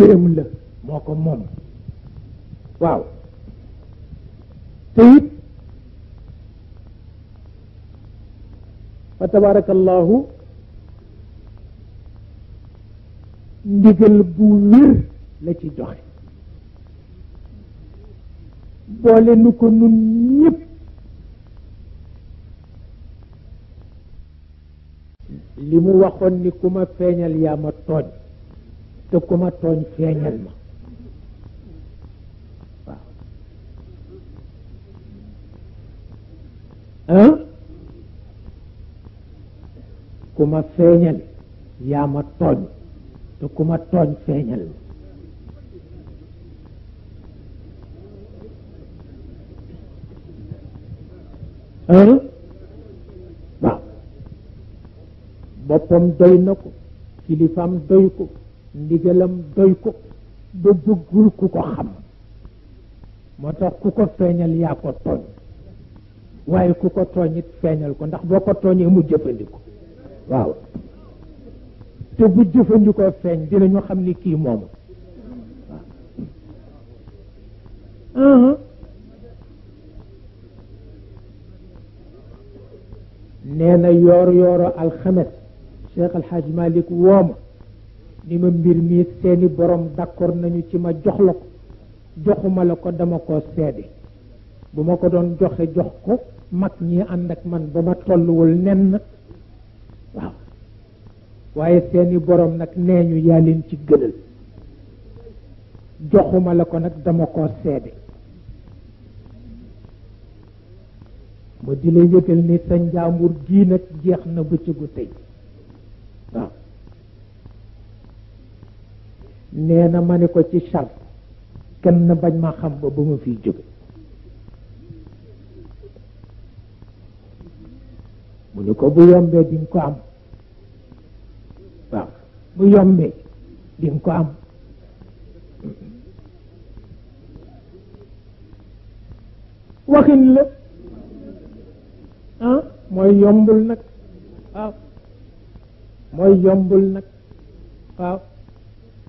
këram la moo ko moom waaw te it fa tabarakallahu ndigal bu wér la ci joxe boole nu ko nun ñëpp li mu waxoon ni ku ma feeñal yaa ma tooñ te ku ma tooñ ma waaw ku ma yaa ma tooñ te ku ma tooñ feeñal ma waaw boppam doy na ko kilifaam doy ko ndigalam doy ko ba bëggul ku ko xam moo tax ku ko feeñal yaa ko tooñ waaye ku ko tooñ feeñal ko ndax boo ko tooñee mu jëfandikoo waaw te bu jëfandikoo feeñ dinañu xam ni kii moomu waaw uh-huh. nee na yoor yooru alxames Alxaaj Malik wooma ni ma mbir mi seeni boroom d'accord nañu ci ma jox la ko joxuma la ko dama ko seede bu ma ko doon joxe jox ko mag ñi ànd ak man ba ma tolluwul nen waaw waaye seeni borom nag nee ñu yaa leen ci gënal joxuma la ko nag dama ko seede ma di la yëgal ni sa njaambur gii nag jeex na bëccëgu tey nee na ma ni ko ci chart kenn bañ ma xam ba ba ma fiy jóge mu ni ko bu yombee di ko am waaw bu yombee di ko am waxin la ah mooy yombul nag waaw mooy yombul nag waaw